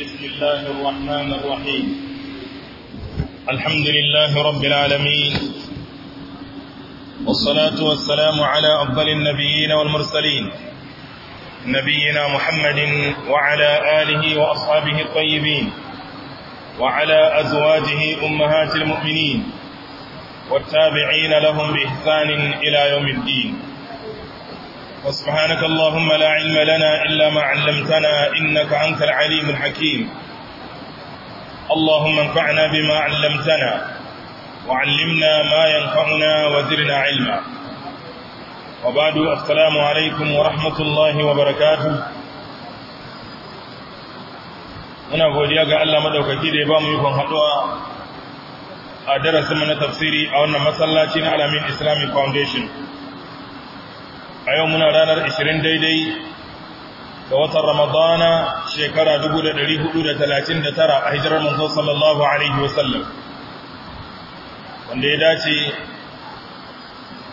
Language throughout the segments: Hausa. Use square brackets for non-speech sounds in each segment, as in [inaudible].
بسم الله الرحمن الرحيم الحمد لله رب العالمين والصلاة والسلام على أفضل النبيين والمرسلين نبينا محمد وعلى آله وأصحابه الطيبين وعلى أزواجه أمهات المؤمنين والتابعين لهم بإحسان إلى يوم الدين وسبحانك اللهم لا علم لنا إلا ما علمتنا إنك أنت العليم الحكيم اللهم انفعنا بما علمتنا وعلمنا ما ينفعنا وزرنا علما وبعد السلام عليكم ورحمة الله وبركاته muna godiya ga Allah madaukaki da ya ba mu ikon haduwa a darasinmu na tafsiri a wannan masallaci na Alamin Islamic Foundation a yau muna ranar 20 daidai ga watan ramadana shekara 439 a hijirar manzo sallallahu alaihi wasallam wanda ya dace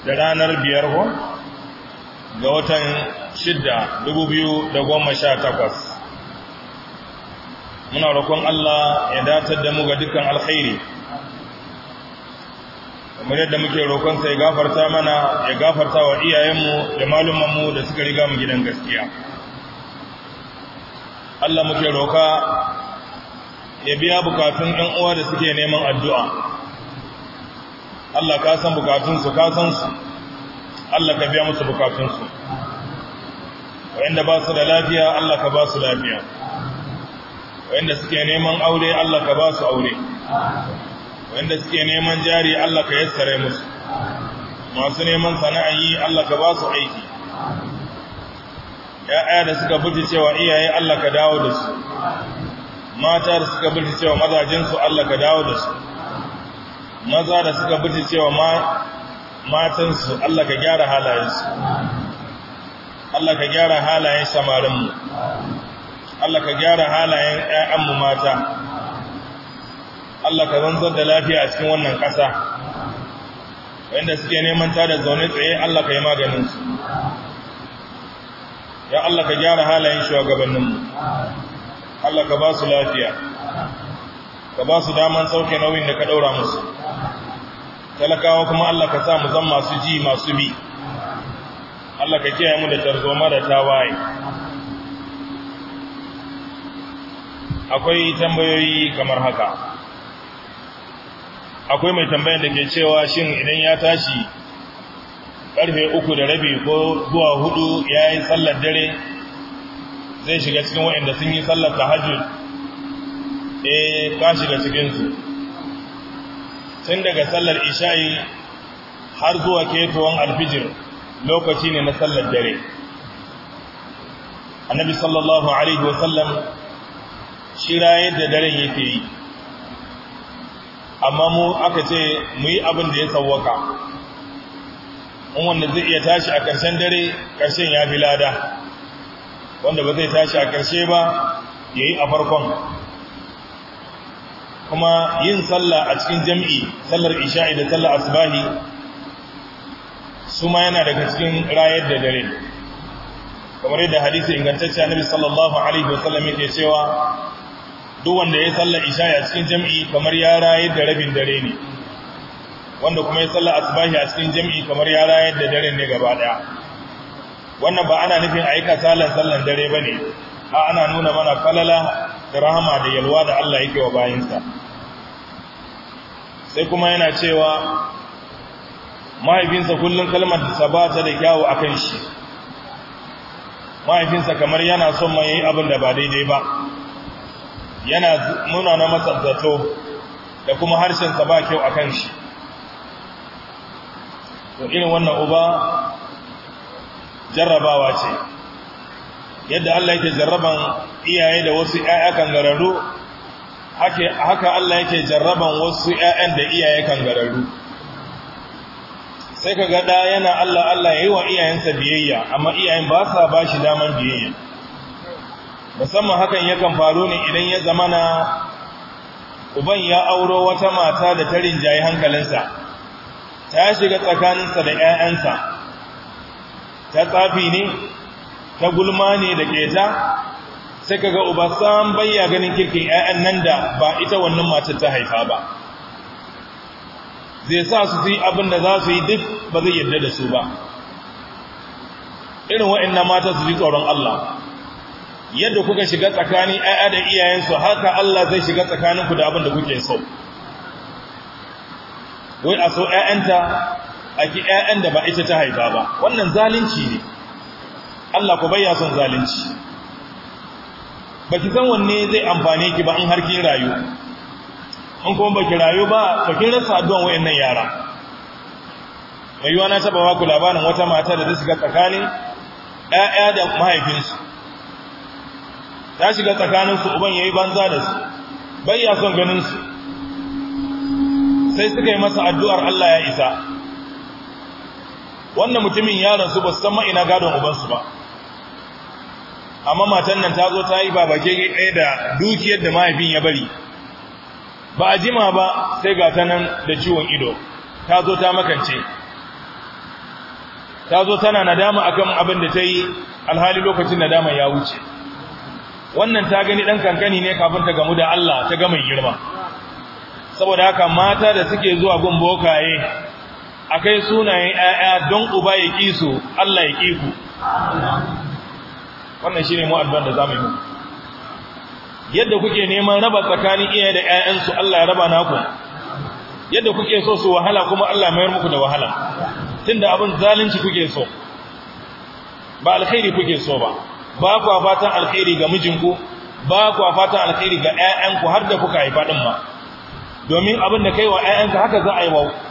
da ranar biyar ko ga watan 6 2018 muna roƙon Allah ya datar da mu ga dukkan alkhairi kamar yadda muke roƙon sai gafarta mana ya gafarta wa iyayenmu da malumanmu da suka riga mu gidan gaskiya Allah muke roƙa ya biya bukatun ɗan uwa da suke neman addu'a Allah ka san bukatunsu ka san su Allah ka biya musu bukatunsu wa'inda ba su da lafiya Allah ka ba su lafiya wa'inda suke neman aure Allah ka ba su aure wanda suke neman jari Allah ka yassare musu masu neman sana'a yi Allah ka ba su aiki ya'ya da suka buji cewa iyaye Allah ka dawo da su mata da suka buji cewa mazajinsu Allah ka dawo da su maza da suka buji cewa matansu Allah ka gyara halayensu Allah ka gyara halayen samarinmu Allah ka gyara halayen 'ya'yanmu mata Allah ka zanzar da lafiya a cikin wannan ƙasa wanda suke neman ta da zaune tsaye Allah ka yi maganinsu. ya Allah ka gyara halayen shugabanninmu. Allah ka ba su lafiya ka ba su daman sauke nauyin da ka ɗaura musu talakawa kuma Allah ka sa mu zan masu ji masu bi Allah ka kiyaye mu da tarzoma da tawaye akwai tambayoyi kamar haka akwai mai tambayan da ke cewa shin idan ya tashi karfe uku da rabi ko zuwa hudu ya yi sallar dare zai shiga cikin waɗanda sun yi sallar tahajjud eh ka shiga cikinsu tun daga sallar isha'i har zuwa ketowar alfijir lokaci ne na sallar dare annabi sallallahu alaihi wasallam shi rayar da daren yake yi amma mu aka ce mu yi abin da ya sawwaka in wanda zai iya tashi a ƙarshen dare ƙarshen ya fi lada wanda ba zai tashi a ƙarshe ba ya yi a farkon kuma yin sallah a cikin jam'i sallar isha'i da sallar asibahi su ma yana daga cikin rayar da dare kamar yadda hadisi ingantacce annabi sallallahu alaihi wasallam yake cewa duk wanda ya salla isha a cikin jam'i kamar ya raye da rabin dare ne wanda kuma ya sallar asbahi a cikin jam'i kamar ya raye da dare ne gaba daya wannan ba ana nufin aika salan sallan dare ba ne, a ana nuna mana falala da rahama da yalwa da Allah yake wa bayansa. sai kuma yana cewa mahaifinsa kullum kalmar da ta da kyawu a kan shi mahaifinsa kamar yana son mai abin da ba daidai ba yana munana na zato da kuma harshensa ba kyau akan shi to irin wannan uba jarrabawa ce yadda Allah yake jarraban iyaye da wasu ƴaƴa kangararru haka Allah yake jarraban wasu 'ya'yan da iyaye kangararru sai kaga da yana Allah Allah yayi wa iyayensa biyayya amma iyayen ba sa bashi daman biyayya musamman hakan yakan faru ne idan ya zamana uban ya auro wata mata da ta rinjaye hankalinsa ta shiga tsakaninsa da 'ya'yansa ta tsafi ne ta gulma ne da keta sai kaga uba san bayya ganin kirkin 'ya'yan nan da ba ita wannan matar ta haifa ba zai sa su yi abin da za su yi duk ba zai yarda da su ba irin wa'annan mata su ji tsoron Allah yadda kuka shiga tsakanin ƴaƴa da iyayensu haka Allah zai shiga tsakaninku da abin da kuke so wai a so ƴaƴanta a ki ƴaƴan da ba ita ta haifa ba wannan zalunci ne Allah ku bayya son zalunci baki san wanne zai amfane ki ba in har kin rayu in kuma baki rayu ba ba kin rasa addu'an wayannan yara mai yiwa na taba ku labarin wata mata da ta shiga tsakanin ƴaƴa da mahaifinsu ta shiga tsakaninsu uban ya yi banza da su bai ya son ganinsu sai suka yi masa addu'ar Allah ya isa wannan mutumin yaransu ba su san ma'ina gadon ubansu ba amma matan nan ta zo ta yi babake ɗaya da dukiyar da mahaifin ya bari ba a jima ba sai ga ta da ciwon ido ta zo ta makance ta zo tana nadama akan abin da ta yi alhali lokacin nadama ya wuce wannan ta gani dan kankani ne kafin ta gamu da Allah ta ga mai girma saboda haka mata da suke zuwa gun bokaye akai sunayen ƴaƴa don uba ya kisu Allah ya kiku wannan shine mu addu'ar da zamu yi yadda kuke neman raba tsakanin iyaye da ƴaƴansu Allah ya raba naku yadda kuke so su wahala kuma Allah mayar muku da wahala tunda abin zalunci kuke so ba alkhairi kuke so ba ba ku fatan alkhairi ga mijinku ba ku fatan alkhairi ga ƴaƴanku har da kuka haifa din ma domin abin da kai wa ƴaƴanka haka za a yi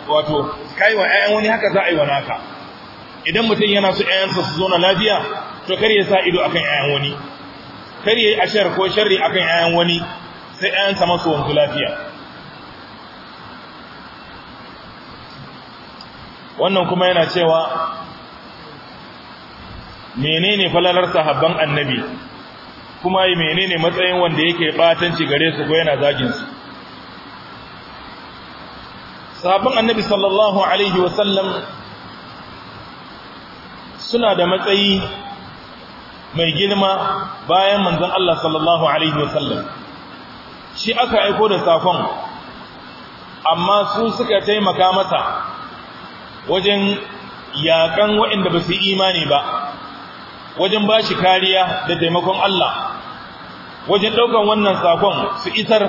wato kai wa ƴaƴan wani haka za a yi wa naka idan mutum yana so ƴaƴansa su zo na lafiya to kar ya sa ido akan ƴaƴan wani kar ya yi ashar ko sharri akan ƴaƴan wani sai ƴaƴansa masu wanzu lafiya wannan kuma yana cewa menene falalar sahabban annabi kuma yi menene matsayin wanda yake batanci gare su ko yana zagin su sahabban annabi sallallahu alaihi wasallam suna da matsayi mai girma bayan manzon Allah sallallahu alaihi wasallam shi aka aiko da sakon amma su suka taimaka masa wajen yaƙan waɗanda ba su imani ba wajen ba shi kariya da taimakon Allah wajen ɗaukan wannan sakon su isar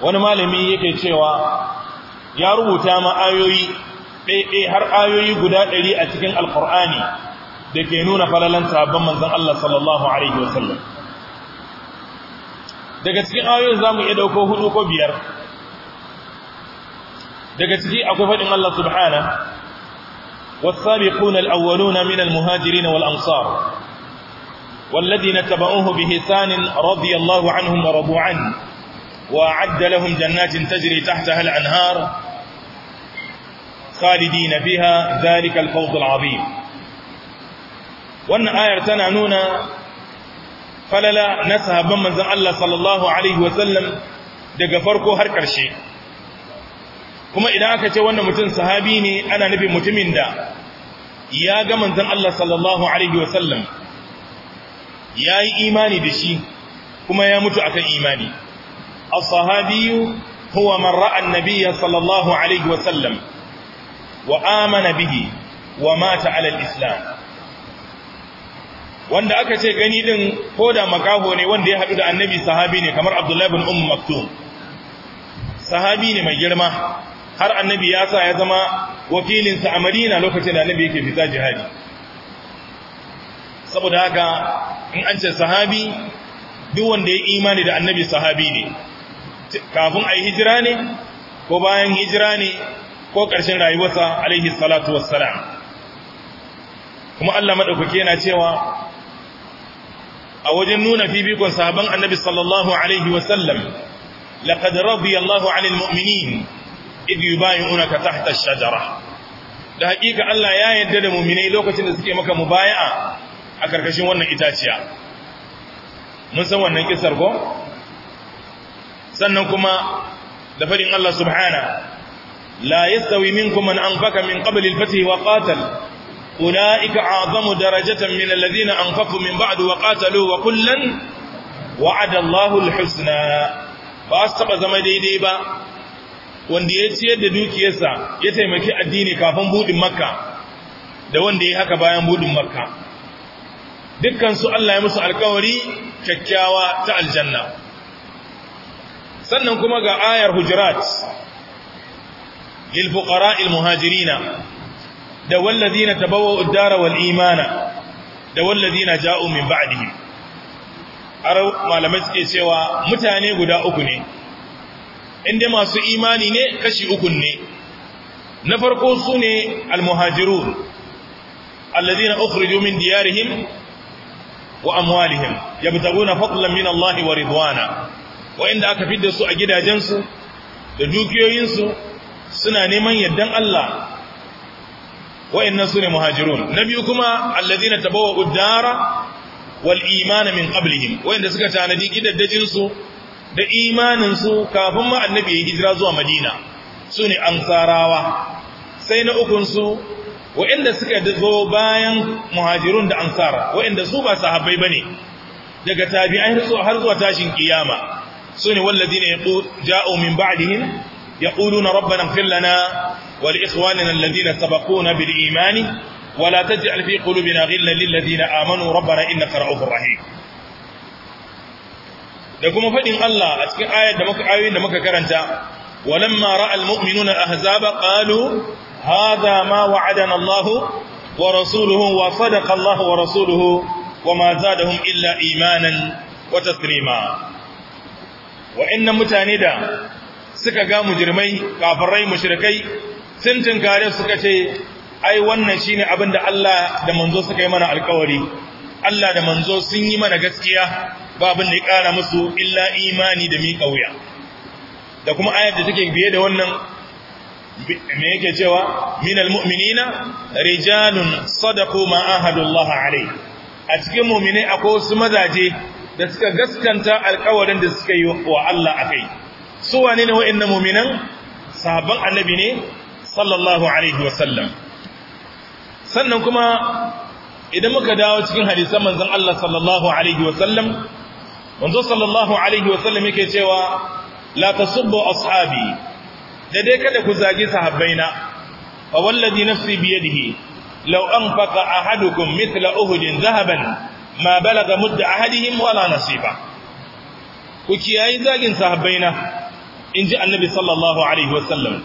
wani malami yake cewa ya rubuta ma ayoyi ɗaiɗai har ayoyi guda ɗari a cikin alkur'ani da ke nuna falalan sabon manzan Allah sallallahu Alaihi wasallam daga cikin ayoyin za mu iya ɗauko hudu ko biyar daga ciki akwai faɗin Allah subhana والسابقون الأولون من المهاجرين والأنصار والذين تبعوه بهسان رضي الله عنهم ورضوا عنه وأعد لهم جنات تجري تحتها الأنهار خالدين فيها ذلك الفوز العظيم وأن آية تنعنون فللا نسها بمن الله صلى الله عليه وسلم دقفركو هركر شيء kuma idan aka ce wannan mutum sahabi ne ana nufin mutumin da ya ga manzon Allah sallallahu alaihi wasallam yayi imani da shi kuma ya mutu akan imani as-sahabi huwa man ra'a an-nabiyya sallallahu alaihi wasallam wa amana bihi wa mata ala al-islam wanda aka ce gani din koda makaho ne wanda ya hadu da annabi sahabi ne kamar Abdullahi ibn Umm Maktum sahabi ne mai girma har annabi ya sa ya zama wakilinsa a madina lokacin da annabi yake fita jihadi saboda haka in an ce sahabi duk wanda ya yi imani da annabi sahabi ne kafin a yi hijira ne ko bayan hijira ne ko ƙarshen rayuwarsa alaihi salatu wassalam kuma Allah maɗaukaki yana cewa a wajen nuna fifikon sahaban annabi sallallahu alaihi wasallam laqad Allahu anil mu'minin idh yubayyi'unaka tahta ash-shajara da hakika Allah ya yarda da mu'minai lokacin da suke maka mubaya'a a karkashin wannan itaciya mun san wannan kisar ko sannan kuma da fadin Allah subhana la yastawi minkum man anfaka min qabli al-fath wa qatal ulaika a'zamu darajatan min alladhina anfaqu min ba'd wa qatalu wa kullan wa'ada Allahu al-husna ba su taba zama daidai ba wanda ya ciyar da dukiyarsa ya taimaki addini kafin budin makka da wanda ya haka bayan budin makka dukkansu Allah ya musu alkawari kyakkyawa ta aljanna sannan kuma ga ayar hujurat lil fuqara'il muhajirina da walladhina tabawwa'u ad-dara wal imana da walladhina ja'u min ba'dihim arau malamai suke cewa mutane guda uku ne dai masu imani ne kashi ukun ne na farko su ne almuhajirun alladhina ukhriju min diyarihim wa amwalihim yabtaguna fadlan min Allah wa ridwana wa inda aka fidda su a gidajensu da dukiyoyinsu suna neman yaddan Allah wa'annan sune muhajirun na biyu kuma alladhina taɓa wa udara wal min qablihim wa'anda suka tanadi gidajensu. da imaninsu kafin ma annabi ya hijira zuwa madina su ne ansarawa sai na ukunsu wa'inda suka zo bayan muhajirun da ansar wa'inda su ba sahabbai ba ne daga tabi'ai har zuwa tashin kiyama su ne wallazi ne ja'o min ba'dihim yaquluna rabbana ighfir lana wa li ikhwanina alladhina na bil imani wa la taj'al fi qulubina ghillan lil ladina amanu rabbana innaka ra'ufur rahim da kuma faɗin Allah a cikin ayar da muka ayoyin da muka karanta walamma ra'al mu'minuna ahzaba qalu hadha ma wa'adana Allah wa rasuluhu wa sadaqa Allah wa rasuluhu wama zadahum illa imanan wa taslima wa'annan mutane da suka ga mujirmai kafirai mushrikai sun tinkare suka ce ai wannan shine abin da Allah da manzo suka yi mana alƙawari Allah da manzo sun yi mana gaskiya babin abin da ya ƙara musu illa imani da miƙa wuya da kuma ayar da take biye da wannan me yake cewa minal mu'minina rijalun sadaqu ma ahadullahi alayhi a cikin mu'mine akwai wasu mazaje da suka gaskanta alƙawarin da suka yi wa Allah akai su wane ne wa'annan mu'minan sahabban annabi ne sallallahu alaihi wasallam sannan kuma idan muka dawo cikin hadisan manzon Allah sallallahu alaihi wasallam manzo sallallahu alaihi wasallam yake cewa la tasubbu ashabi da dai kada ku zagi sahabbaina fa wallazi nafsi bi yadihi law anfaqa ahadukum mithla uhudin zahaban ma balaga mudda ahadihim wala nasiba ku kiyayi zagin sahabbaina inji annabi sallallahu alaihi wasallam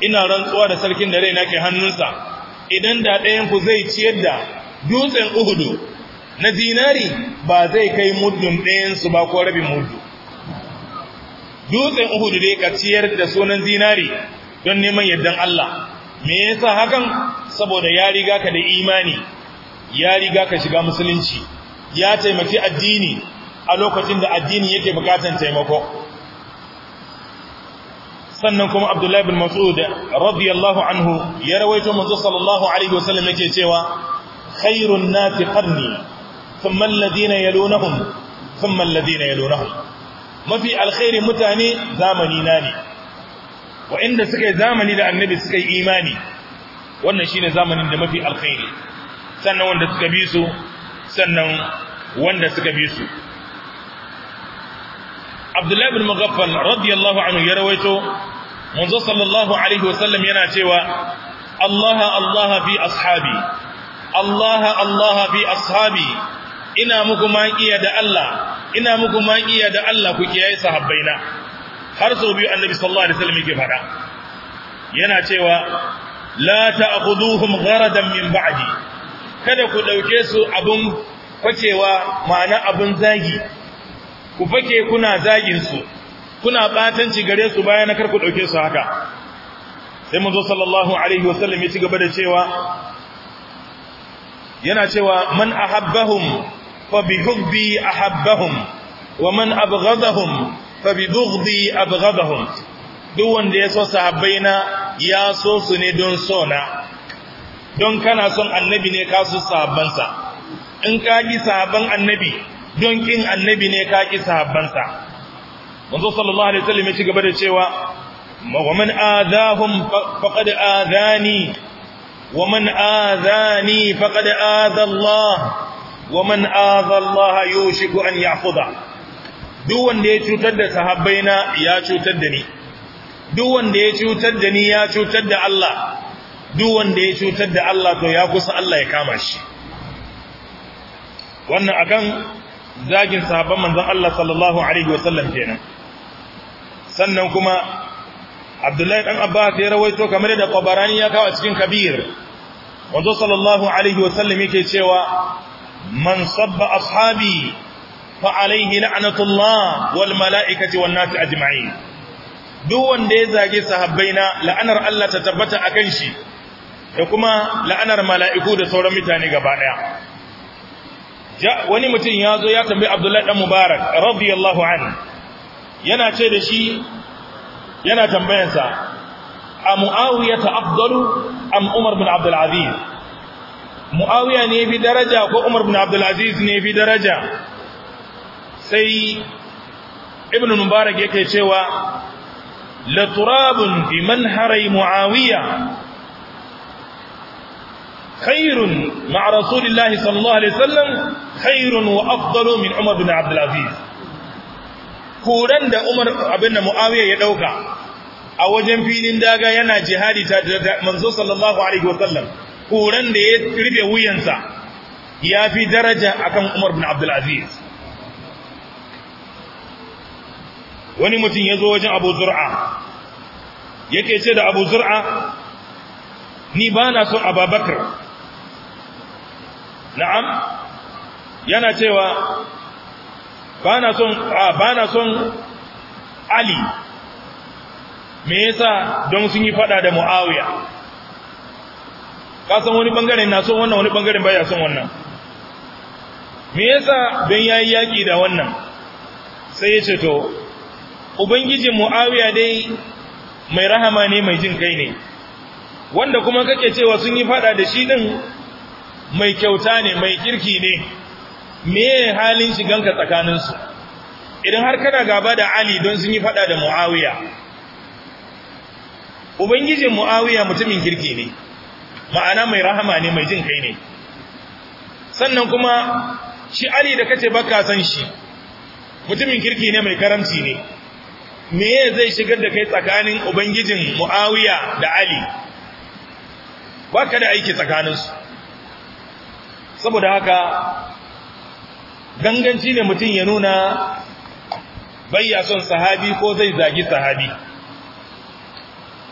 ina rantsuwa da sarkin da raina ke hannunsa idan da ɗayan ku zai ciyar da dutsen uhudu na zinari ba zai kai muddin ɗayansu ba ko rabin mudu. dutsen uhudu dai ka ciyar da sunan zinari don neman yardan Allah me yasa hakan saboda ya riga ka da imani ya riga ka shiga musulunci ya taimaki addini a lokacin da addini yake bukatan taimako sannan kuma Abdullahi bin Mas'ud radiyallahu anhu ya rawaito manzo sallallahu alaihi wasallam yake cewa khairun nati qarni ثم الذين يلونهم ثم الذين يلونهم mafi alkhairi mutane zamani na ne wa'inda suka zamani da annabi suka yi imani wannan shine zamanin da mafi alkhairi sannan wanda suka bi sannan wanda suka bi Abdullahi bin Mughaffal radiyallahu anhu ya rawaito manzo sallallahu alaihi wasallam yana cewa Allah Allah fi ina muku maƙiya da Allah ina muku maƙiya da Allah ku kiyaye sahabbaina har sau biyu annabi sallallahu alaihi wasallam yake fada yana cewa la ta'khuduhum gharadan min ba'di kada ku dauke su abun kwacewa ma'ana abun zagi ku fake kuna zagin su kuna batanci gare su bayan kar ku dauke su haka sai manzo sallallahu alaihi wasallam ya ci gaba da cewa yana cewa man ahabbahum فبحبي أحبهم ومن أبغضهم فببغضي أبغضهم duk wanda ya so na ya so su ne don sona don kana son annabi ne ka so sahabbansa in ka ki annabi don kin annabi ne ka ki sahabbansa manzo sallallahu alaihi wasallam ya ci da cewa wa man adahum wa wa man aza Allah yushiku an yahfudha duk wanda ya cutar da sahabbaina ya cutar da ni duk wanda ya cutar da ni ya cutar da Allah duk wanda ya cutar da Allah to ya kusa Allah ya kama shi wannan akan zagin sahabban manzon Allah sallallahu alaihi wasallam kenan sannan kuma Abdullahi dan Abbas ya rawaito kamar da Qabarani ya kawo cikin Kabir Wanzo sallallahu alaihi wasallam yake cewa man sabba ashabi fa alaihi la'natullah wal mala'ikati wan a jima'i? duk wanda ya zagi zage na la'anar Allah ta tabbata a kan shi da kuma la'anar mala'iku da sauran mutane gaba ɗaya. wani mutum ya zo ya tambayi Abdullahi dan Mubarak radiyallahu anhu yana ce da shi yana tambayansa a Muawiya ta afdalu am Umar bin Abdul muawiya ne fi daraja ko umar bin abdul aziz ne fi daraja sai ibn mubarak yake cewa la turabun bi manharai muawiya خير مع رسول الله صلى الله عليه wa خير وافضل من عمر بن عبد العزيز da Umar abinda Muawiya ya dauka a wajen filin daga yana jihadi ta manzo sallallahu alaihi wasallam kuran da ya rufe wuyansa ya fi daraja akan Umar bin Abdulaziz. wani mutum ya zo wajen Abu Zur'a ke ce da Abu Zur'a ni ba na son Abubakar na'am yana cewa ba na son ba na son Ali me yasa don sun yi fada da Muawiya ka san wani bangaren na son wannan wani bangaren baya son wannan me yasa dan yayi yaki da wannan sai ya ce to ubangiji muawiya dai mai rahama ne mai jin kai ne wanda kuma kake cewa sun yi fada da shi din mai kyauta ne mai kirki ne me halin shiganka su idan har kana gaba da Ali don sun yi fada da Muawiya ubangijin Muawiya mutumin kirki ne ma'ana mai rahama ne mai jin kai ne sannan kuma shi ali da kace baka san shi mutumin kirki ne mai karamci ne me zai shigar da kai tsakanin ubangijin muawiya da ali baka da aiki tsakaninsu saboda haka ganganci ne mutum ya nuna bayya son sahabi ko zai zagi sahabi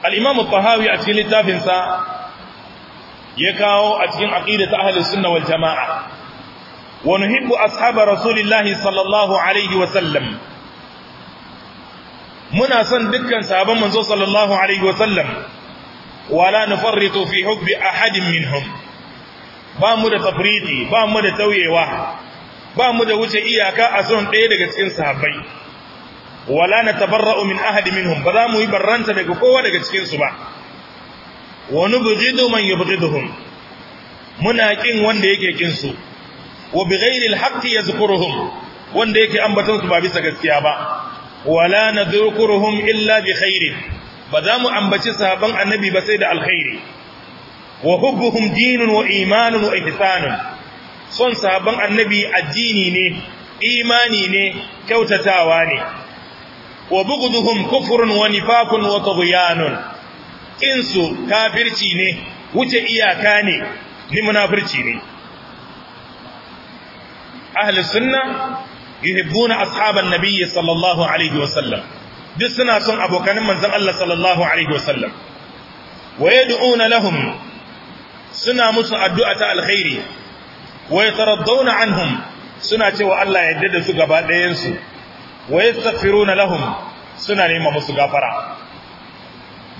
al-imam al-tahawi a cikin littafinsa ya kawo a cikin aƙidata ahli sunna wal jamaa wa nuhibbu ashab rasulillah sallallahu alaihi wa sallam muna son dukkan sahabban manzo sallallahu alaihi wa sallam wa la nufarritu fi hubbi ahadin minhum ba mu da tafriti ba mu da tauyewa ba mu da wuce iyaka a son ɗaya daga cikin sahabbai wala natabarra'u min ahadin minhum ba za mu yi barranta daga kowa daga cikin su ba wa nubghidu man yubghiduhum muna kin wanda yake kin su wa bighairi alhaqqi yadhkuruhum wanda yake ambaton su ba bisa gaskiya ba wala nadhkuruhum illa bi khairin ba za mu ambaci sahaban annabi ba sai da alkhairi wa hubbuhum dinun wa imanun wa ihsanun son sahaban annabi addini ne imani ne kyautatawa ne wa bughduhum kufrun wa nifaqun wa tughyanun insu kafirci ne wuce iyaka ne ni munafirci ne ahli sunna yuhibbuna ashaban nabiyyi sallallahu alaihi wasallam duk suna son abokanin manzon Allah sallallahu alaihi wasallam wa yad'una lahum suna musu addu'a ta alkhairi wa yataraddawna anhum suna cewa Allah ya yarda da su gaba ɗayan su wa yastaghfiruna lahum suna nema musu gafara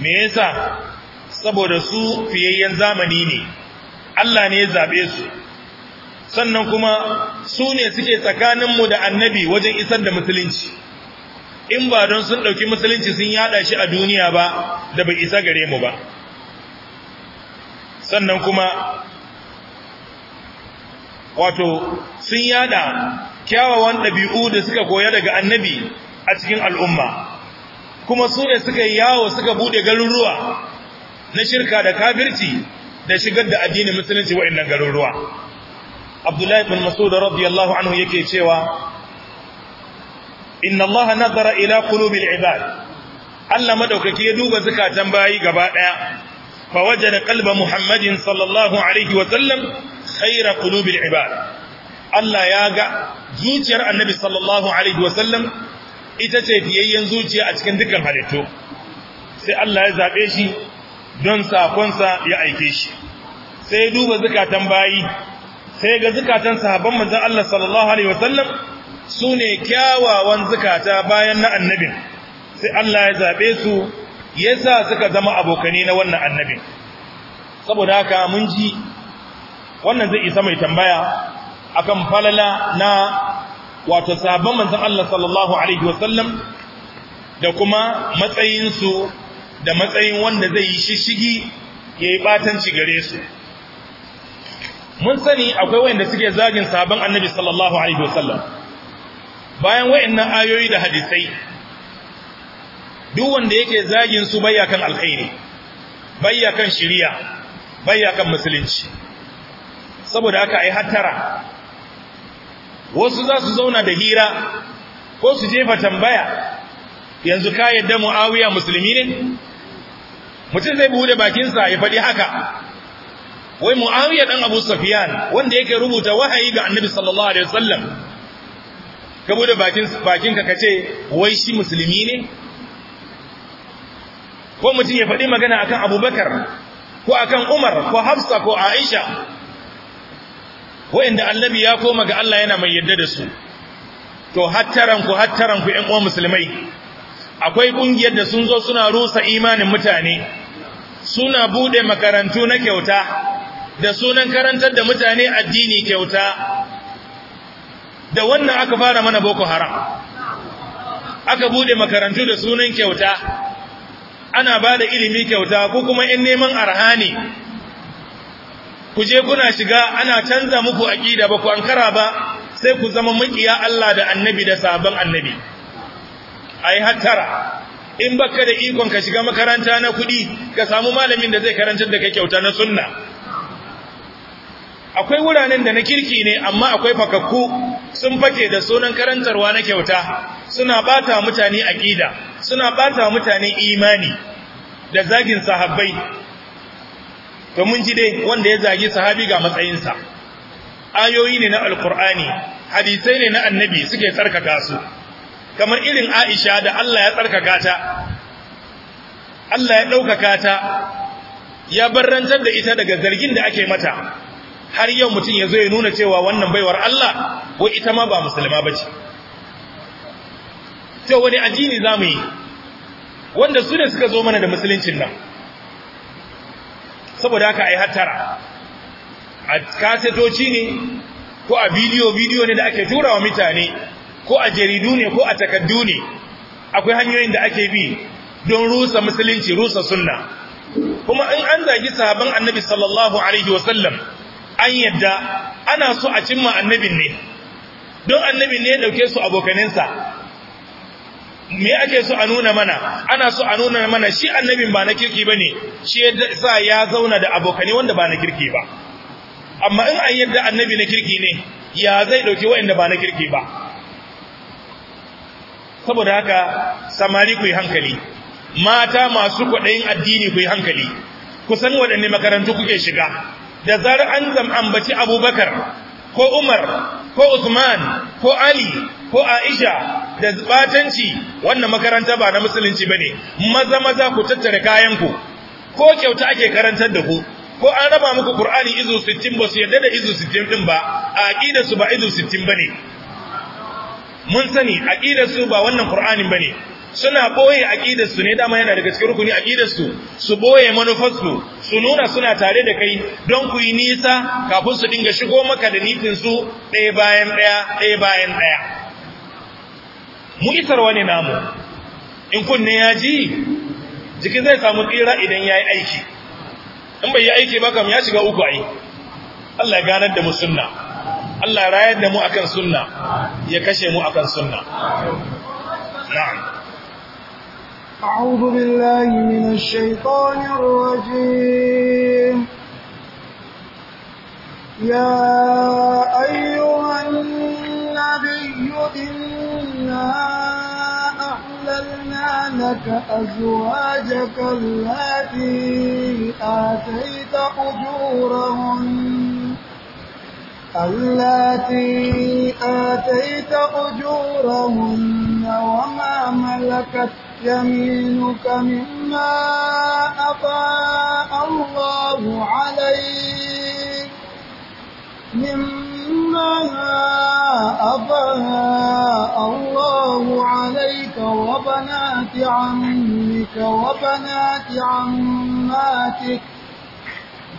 me yasa saboda su fiyayyen zamani ne Allah ne ya zabe su sannan kuma su ne suke tsakaninmu da annabi wajen isar da musulunci in ba don sun ɗauki musulunci sun yada shi a duniya ba da bai isa gare mu ba sannan kuma wato sun yada kyawawan ɗabi'u da suka koya daga annabi a cikin al'umma kuma su ne suka yi yawo suka bude garuruwa na shirka da kafirci da shigar da addinin musulunci wa'annan garuruwa Abdullahi bin Mas'ud radiyallahu anhu yake cewa inna Allah nazara ila qulubil ibad Allah madaukaki ya duba zakatan bayi gaba daya fa wajada qalba Muhammadin sallallahu alaihi wa sallam khayra qulubil ibad Allah ya ga zuciyar Annabi sallallahu alaihi wa sallam ita ce fiyayyen zuciya a cikin dukkan halittu sai Allah ya zaɓe shi don sakonsa ya aike shi sai ya duba zukatan bayi sai ga zukatan sahabban manzon Allah sallallahu alaihi wasallam ne kyawawan zukata bayan na annabin sai Allah ya zaɓe su yasa suka zama abokane na wannan annabin saboda haka mun ji wannan zai isa mai tambaya akan falala na wato sahabban manzon Allah sallallahu alaihi wasallam da kuma matsayinsu da matsayin wanda zai yi shishigi yayi batanci gare su mun sani akwai wanda suke zagin sabon annabi sallallahu alaihi wasallam bayan wayannan ayoyi da hadisai duk wanda yake zagin su bayya kan alkhairi bayya kan shari'a bayya kan musulunci saboda aka ai hattara wasu za su zauna da hira ko su jefa tambaya yanzu ka yadda mu'awiya musulmi ne mutum zai buɗe bakinsa ya faɗi haka wai mu'awiya ɗan abu safiyan wanda yake rubuta wahayi ga annabi sallallahu alaihi wasallam ka buɗe bakinka ka ce wai shi musulmi ne ko mutum ya faɗi magana akan abubakar ko akan umar ko hafsa ko aisha Wa'inda annabi ya koma ga Allah yana mai yadda da su to hattaran ku hattaran ku ƴan uwan musulmai akwai kungiyar da sun zo suna rusa imanin mutane suna bude makarantu na kyauta da sunan karantar da mutane addini kyauta da wannan aka fara mana boko haram aka bude makarantu da sunan kyauta ana ba da ilimi kyauta ko kuma in neman arhani ku je kuna shiga ana canza muku aqida ba ku ankara ba sai ku zama mukiya Allah da annabi da sahabban annabi ai hattara in baka da ikon ka shiga makaranta na kuɗi ka samu malamin da zai karantar da kai kyauta na sunna akwai wuraren da na kirki ne amma akwai fakakku sun fake da sunan karantarwa na kyauta suna bata mutane aqida suna bata mutane imani da zagin sahabbai to mun ji dai wanda ya zagi sahabi ga matsayinsa ayoyi ne na alkur'ani hadisai ne na annabi suke tsarkaka su kamar irin aisha da Allah ya tsarkaka ta Allah ya ɗaukaka ta ya barrantar da ita daga zargin da ake mata har yau mutum ya zo ya nuna cewa wannan baiwar Allah ko ita ma ba musulma bace. to wani addini za mu yi wanda su ne suka zo mana da musuluncin nan saboda haka ai hattara a kasetoci ne ko a bidiyo bidiyo ne da ake tura wa mutane ko a jaridu ne ko a takaddu ne akwai hanyoyin da ake bi don rusa musulunci rusa sunna kuma in an zagi sahaban annabi sallallahu alaihi wasallam an yadda ana so a cimma annabin ne don annabin ne ya dauke su abokaninsa me ake so a nuna mana ana so a nuna mana shi annabin ba na kirki bane shi sa ya zauna da abokane wanda ba na kirki ba amma in an yadda annabi na kirki ne ya zai dauki waɗanda ba na kirki ba saboda haka samari ku yi hankali mata masu kwaɗayin addini ku yi hankali ku san waɗanne makarantu kuke shiga da zarar an zam ambaci abubakar ko umar ko usman ko ali ko Aisha da batanci wannan makaranta ba na musulunci bane maza maza ku tattara kayan ku ko kyauta ake karantar da ku ko an raba muku Qur'ani izu 60 ba su yadda da izu 60 din ba a aqidar su ba izu 60 bane mun sani aqidar su ba wannan Qur'anin bane suna boye aqidar su ne dama yana daga cikin rukuni aqidar su su boye manufar su su nuna suna tare da kai don ku yi nisa kafin su dinga shigo maka da nifin su ɗaya bayan ɗaya ɗaya bayan ɗaya mu isar wani namu in kunne ya ji jiki zai samu tsira idan ya yi aiki in bai yi aiki ba kam ya shiga uku ai Allah ya ganar da mu sunna Allah ya rayar da mu akan sunna ya kashe mu akan sunna na'am أعوذ بالله من الشيطان الرجيم يا أيها النبي إن أحللنا لك أزواجك التي آتيت أجورهن التي آتيت أجورهن وما ملكت يمينك مما أفاء الله عليك مما ربنا الله عليك وبنات عمك وبنات عماتك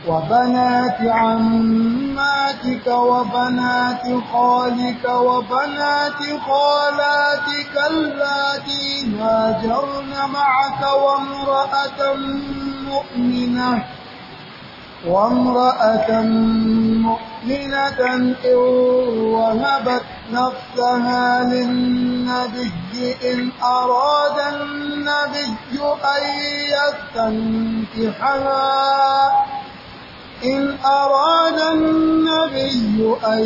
وبنات عماتك وبنات خالك وبنات خالاتك اللاتي هاجرن معك وامرأة مؤمنة وامرأة مؤمنة إن وهبت نفسها للنبي إن أراد النبي أن يستنكحها إن أراد النبي أن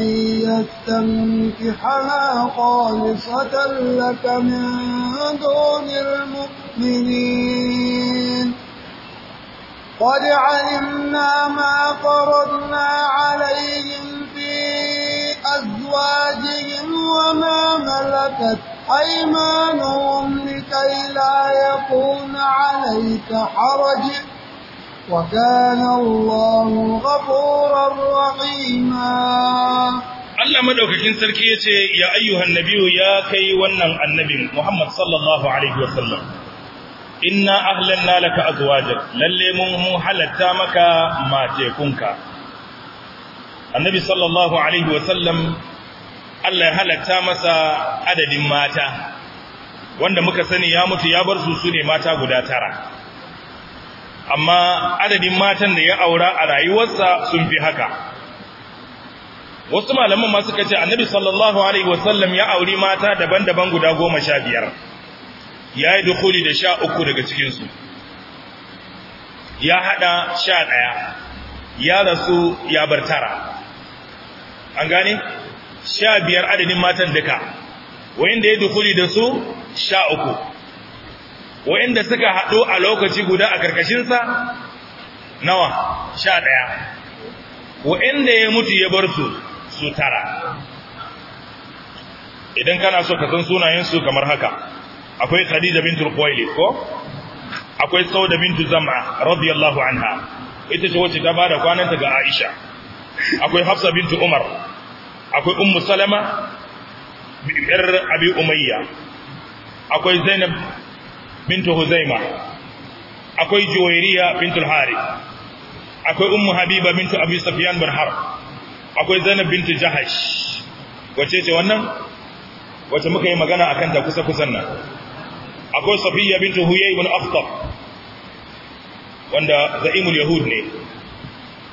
يستنكحها خالصة لك من دون المؤمنين قد علمنا ما فرضنا عليهم في أزواجهم وما ملكت أيمانهم لكي لا يكون عليك حرج وكان الله غفورا رحيما Allah madaukakin sarki ce ya ayyuhan nabiyu ya kai wannan annabin Muhammad sallallahu alaihi wasallam inna ahlan nalaka azwajak lalle mun mu halatta maka matekunka annabi sallallahu alaihi wa sallam Allah ya halatta masa adadin mata wanda muka sani ya mutu ya bar su su ne mata guda tara amma adadin matan da ya aura a rayuwarsa sun fi haka wasu malaman ma suka ce annabi sallallahu alaihi wa sallam ya auri mata daban-daban guda goma sha biyar ya yi dukuli da sha uku daga cikinsu ya haɗa sha ɗaya ya rasu ya bar tara an gane sha biyar adadin matan duka wa'inda ya dukuli da su sha uku wa'inda suka haɗu a lokaci guda a ƙarƙashinsa nawa sha ɗaya wa'inda ya mutu ya bar su su tara idan kana so ka san sunayensu kamar haka akwai khadija bintul khuwailid ko akwai sauda bintu zam'a radiyallahu anha ita ce wacce ta bada kwananta ga aisha akwai hafsa bintu umar akwai ummu salama biyar abi umayya akwai zainab bintu huzaima akwai juwairiya bintul harith akwai ummu habiba bintu abi sufyan bin harb akwai zainab bintu jahash wace ce wannan wace muka yi magana akan ta kusa kusan nan akwai safiya bintu huyay ibn aftab wanda za'imul yahud ne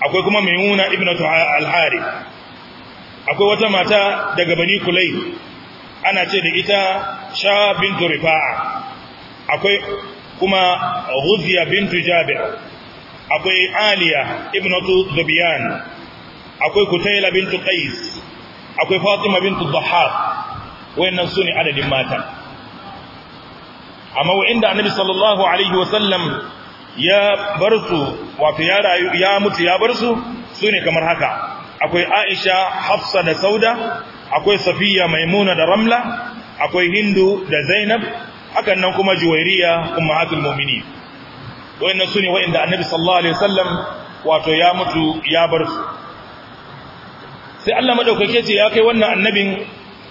akwai kuma maimuna ibnatu al hari akwai wata mata daga bani kulai ana ce da ita sha bintu rifa'a akwai kuma Huziya bintu jabir akwai aliya ibnatu zubiyan akwai kutaila bintu qais akwai fatima bintu dhahhak wayannan suni adadin mata amma wa'inda annabi sallallahu alaihi wasallam ya bar su wato ya ya mutu ya bar su su ne kamar haka akwai Aisha Hafsa da Sauda akwai Safiya Maimuna da Ramla akwai Hindu da Zainab hakan nan kuma Juwairiya ummatul mu'minin wayannan sune wayanda Annabi sallallahu alaihi wasallam wato ya mutu ya bar su sai Allah madaukake ce ya kai wannan annabin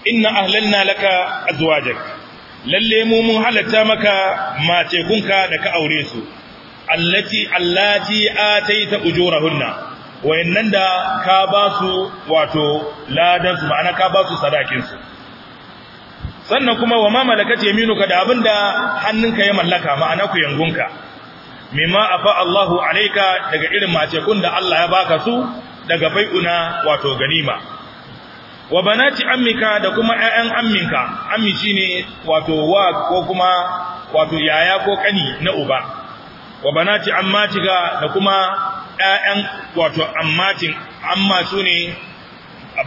inna ahlalna laka azwajak lalle mu mun halatta maka matekunka da ka aure su allati allati ataita ujurahunna wayannan da ka ba su wato ladan su ma'ana ka ba su sadakin su sannan kuma wa ma minu yaminuka da abinda hannunka ya mallaka ma'ana ku yangunka mimma afa Allahu alayka daga irin matekun da Allah ya baka su daga bai'una wato ganima wa banati ammika da kuma ƴaƴan amminka ammi shine wato wa ko kuma wato yaya ko kani na uba wa banati ammatika da kuma ƴaƴan wato ammatin amma sune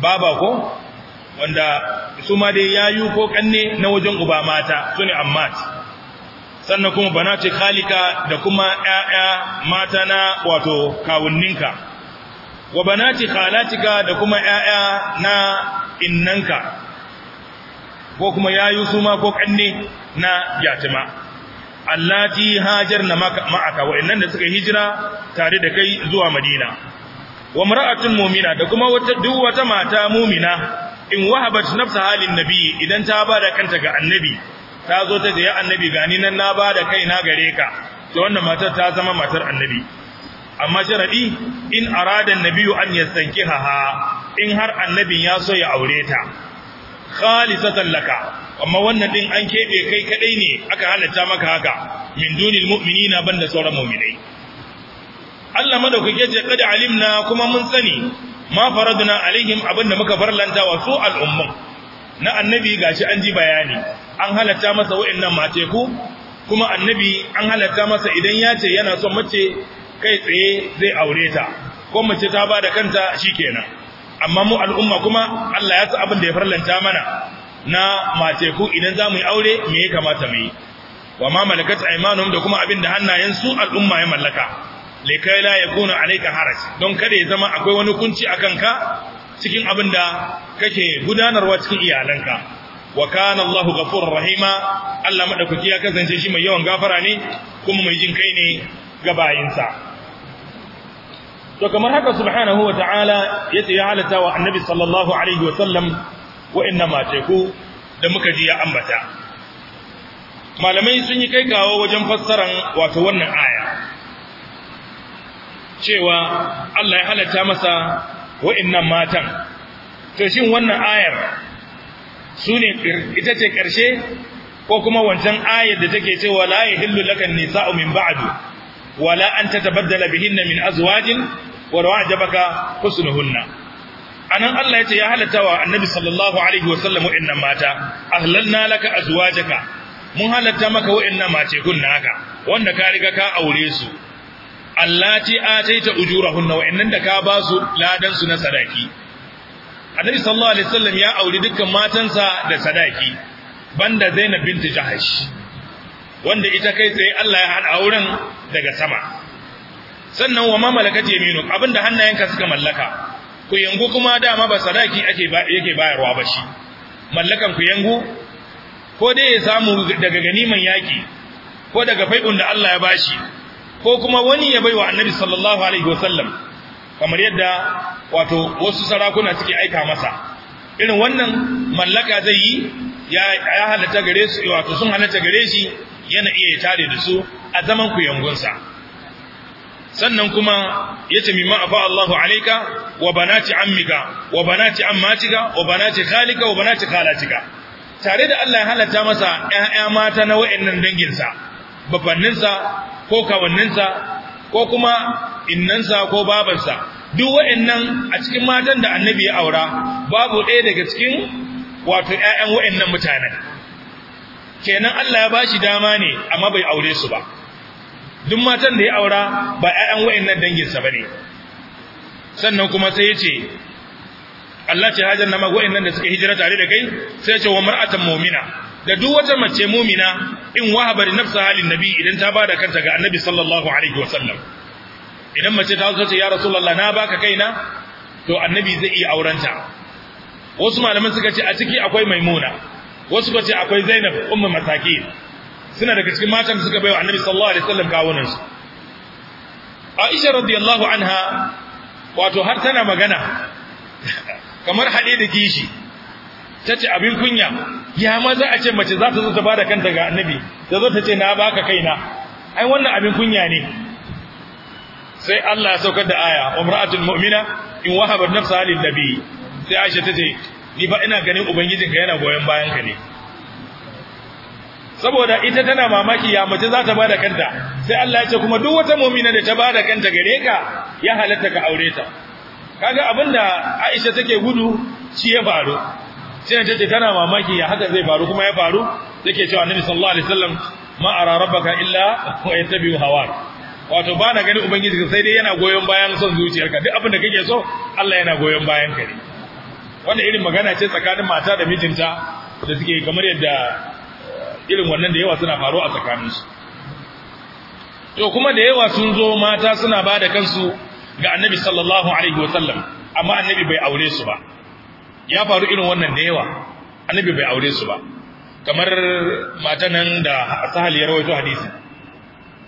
baba ko wanda su ma dai yayu ko kanne na wajen uba mata sune ammat sannan kuma banati khalika da kuma ƴaƴa mata na wato kawunninka wa banati khalatika da kuma ƴaƴa na innanka ko kuma yayu su ma ko kanne na yatima allati hajarna ma'aka wa innan da suka hijira tare da kai zuwa madina wa mar'atun mu'mina da kuma wata duk wata mata mu'mina in wahabat nafsa halin nabi idan ta bada kanta ga annabi ta zo ta ga ya annabi gani nan na bada kaina gare ka to wannan matar ta zama matar annabi amma sharadi in arada annabiyyu an haha, in har annabin ya so ya aure ta khalisatan laka amma wannan din an kebe kai kadai ne aka halatta maka haka min dunil mu'minina banda sauran mu'minai Allah madaukake ce kada alimna kuma mun sani ma faraduna alaihim abinda muka farlanta wa su al'umma na annabi gashi an ji bayani an halatta masa wa'annan mateku kuma annabi an halatta masa idan ya ce yana son mace kai tsaye zai aure ta ko mace ta ba da kanta kenan. amma mu al'umma kuma Allah ya sa abin da ya farlanta mana na mace ku idan za yi aure me ya kamata mu yi wa ma malakat aymanum da kuma abin da hannayen su al'umma ya mallaka likai la yakuna alayka haraj don kada ya zama akwai wani kunci akan ka cikin abin da kake gudanarwa cikin iyalanka wa kana Allahu ghafurur rahima Allah madaukaki ya kasance shi mai yawan gafara ne kuma mai jin kai ne gabayinsa. to kamar haka subhanahu wataala yace ya halatta wa annabi sallallahu alaihi wa sallam wa'annan mateku da muka ji ya ambata malamai sun yi kai kawo wajen fassaran wato wannan aya cewa Allah ya halatta masa wa'annan matan to shin wannan ayar sune ita ce karshe ko kuma wancan ayar da take cewa la yahillu lakan nisa'u min ba'du wala an tatabaddala bihinna min azwajin wa ra'jabaka husnuhunna anan Allah ya ce ya halatta wa annabi sallallahu alaihi wasallam wa'annan mata ahlalna laka azwajaka mun halatta maka wa'annan mace kunna haka wanda ka riga ka aure su allati ujura, hunna wa'annan da ka basu su ladan su na sadaki annabi sallallahu alaihi wasallam ya auri dukkan matansa da sadaki banda Zainab ta Jahash wanda ita kai tsaye Allah ya hada wurin daga sama sannan wa mamalakati yaminu abinda hannayenka suka mallaka ku yangu kuma dama ba sadaki ake yake bayarwa ba shi mallakan ku yangu ko dai ya samu daga ganiman yaki ko daga faibun da Allah ya bashi ko kuma wani ya baiwa annabi sallallahu alaihi wasallam kamar yadda wato wasu sarakuna suke aika masa irin wannan mallaka zai yi ya halatta gare su wato sun halatta gare shi yana iya tare da su a zaman ku yangunsa sannan kuma yace mimma afa Allahu alayka wa banati ammika wa banati ammatika wa banati khalika wa banati khalatika tare da Allah ya halatta masa ƴaƴa mata na wayannan danginsa babanninsa ko kawanninsa ko kuma innansa ko babansa duk wayannan a cikin matan da annabi ya aura babu ɗaya daga cikin wato ƴaƴan wayannan mutanen kenan Allah ya bashi dama ne amma bai aure su ba duk matan da ya aura ba ƴaƴan dangin danginsa bane sannan kuma sai yace Allah ce hajar nama nan da suka hijira tare da kai sai ce wa mar'atan mu'mina da duk wata mace mu'mina in wahabar nafsa halin nabi idan ta bada kanta ga annabi sallallahu alaihi wasallam idan mace ta zo ce ya rasulullah na baka kaina to annabi zai iya aurenta wasu malaman suka ce a ciki akwai maimuna wasu ka ce akwai Zainab umma masakin suna daga cikin matan da suka baiwa Annabi sallallahu alaihi wasallam kawunan su Aisha radiyallahu anha wato har tana magana kamar hade da kishi tace abin kunya ya ma za a ce mace za ta zo ta bada kanta ga Annabi ta zo ta ce na baka kaina ai wannan abin kunya ne sai Allah ya saukar da aya umra'atul mu'mina in wahabat nafsaha lin nabi sai Aisha tace ni fa ina ganin ka yana goyon bayan ka ne saboda ita tana mamaki ya mace za ta bada kanta sai Allah ya ce kuma duk wata mu'mina da ta bada kanta gare ka ya halatta ka aure ta kaga abinda Aisha take gudu shi ya faru sai ta ce tana mamaki ya haka zai faru kuma ya faru take cewa Annabi sallallahu alaihi wasallam ma ara rabbaka illa wa yatabi hawa wato ba na gani ubangiji sai dai yana goyon bayan son zuciyarka duk abin da kake so Allah yana goyon bayan ka ne wanda irin magana ce tsakanin mata da mijinta da suke kamar yadda eh, irin wannan da yawa suna faruwa a tsakaninsu to kuma da yawa sun zo mata suna ba da kansu ga annabi sallallahu alaihi wasallam amma annabi bai aure su ba ya faru irin wannan da yawa annabi bai aure su ba kamar mata nan da sahal ya rawaito hadisi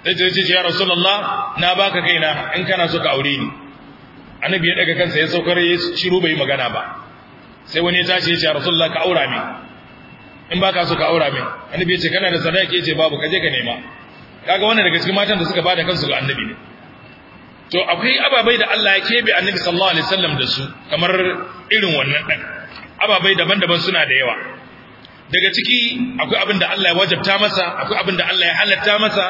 sai ce ce ya rasulullah na baka kaina in kana so ka aure ni annabi ya daga kansa ya saukar ya ciro bai magana ba sai wani ya tashi ya ce rasulullah ka aura min in baka so ka aura min annabi ya ce kana da sadaki ya ce babu ka je ka nema kaga wannan daga cikin matan da suka bada kansu ga annabi ne to akwai ababai da Allah ya kebe annabi sallallahu alaihi wasallam da su kamar irin wannan dan ababai daban-daban suna da yawa daga ciki akwai abin da Allah ya wajabta masa akwai abin da Allah ya halatta masa